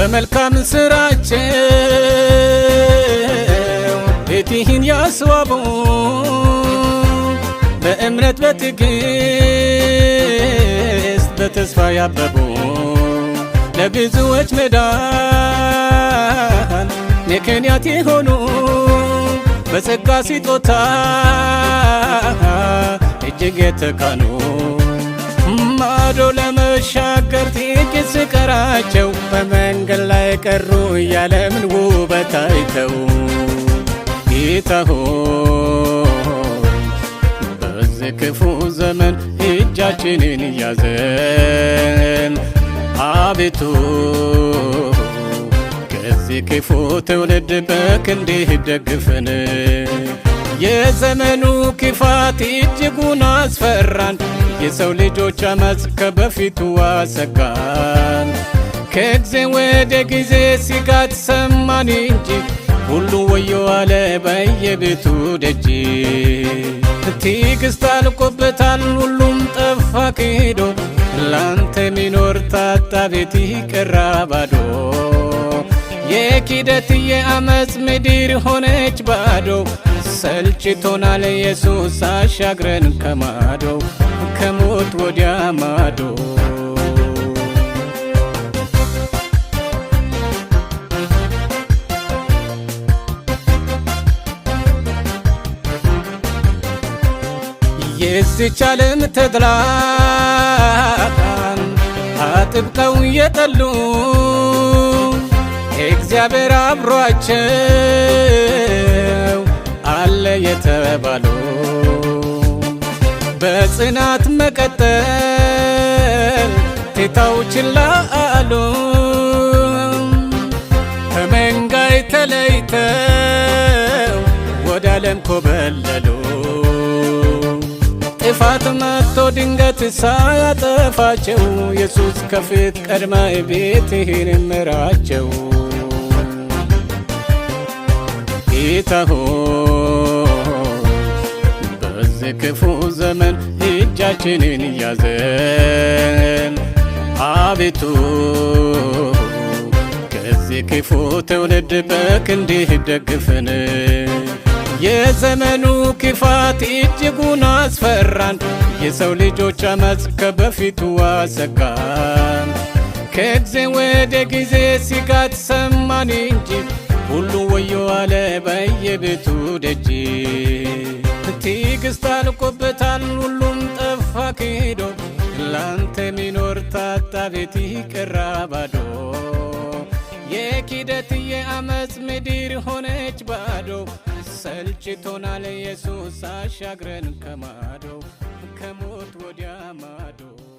በመልካም ስራቸው ቤትህን ያስዋቡ በእምነት በትዕግስት በተስፋ ያበቡ ለብዙዎች መዳን ምክንያት የሆኑ በጸጋ ስጦታ እጅግ የተካኑ ስሻገር ጥቂት ስቀራቸው በመንገድ ላይ ቀሩ ያለምን ውበት አይተው ጌታ ሆይ በዚህ ክፉ ዘመን እጃችንን እያዘን አቤቱ ከዚህ ክፉ ትውልድ በክንድህ ደግፈን። የዘመኑ ክፋት እጅጉን አስፈራን። የሰው ልጆች አመፅ ከበፊቱ አሰጋን። ከጊዜ ወደ ጊዜ ስጋት ሰማን እንጂ ሁሉ ወዮ አለ በየቤቱ ደጅ። ትዕግስት አልቆበታል ሁሉም ጠፋ ክዶ ላንተ ሚኖር ታጣ ቤት ይቀራ ባዶ። የኪደት የአመፅ ምድር ሆነች ባዶ። ሰልችቶናል ኢየሱስ አሻግረን ከማዶ ከሞት ወዲያ ማዶ የዚች ዓለም ተድላታን አጥብቀው የጠሉ እግዚአብሔር አብሯቸው አለ የተባሉ በጽናት መቀጠል ጌታው ችላ አሉ ከመንጋይ ተለይተው ወደ ዓለም ኮበለሉ። ጥፋት መጥቶ ድንገት ሳያጠፋቸው ኢየሱስ ከፊት ቀድማ ቤት ይህን ምራቸው ጌታ ሆይ ክፉ ዘመን እጃችንን ያዘን አቤቱ ከዚህ ክፉ ትውልድ በክንድህ ደግፈን። የዘመኑ ክፋት እጅጉን አስፈራን፣ የሰው ልጆች አመፅ ከበፊቱ አሰጋን። ከጊዜ ወደ ጊዜ ስጋት ሰማን እንጂ ሁሉ ወዮ አለ በየቤቱ ደጅ ትዕግስት አልቆበታል ሁሉም ጠፋ ክሄዶ ላንተ ሚኖር ታጣ ቤት ቀረ ባዶ የኪደት የአመፅ ምድር ሆነች ባዶ ሰልችቶናል ኢየሱስ አሻግረን ከማዶ ከሞት ወዲያ ማዶ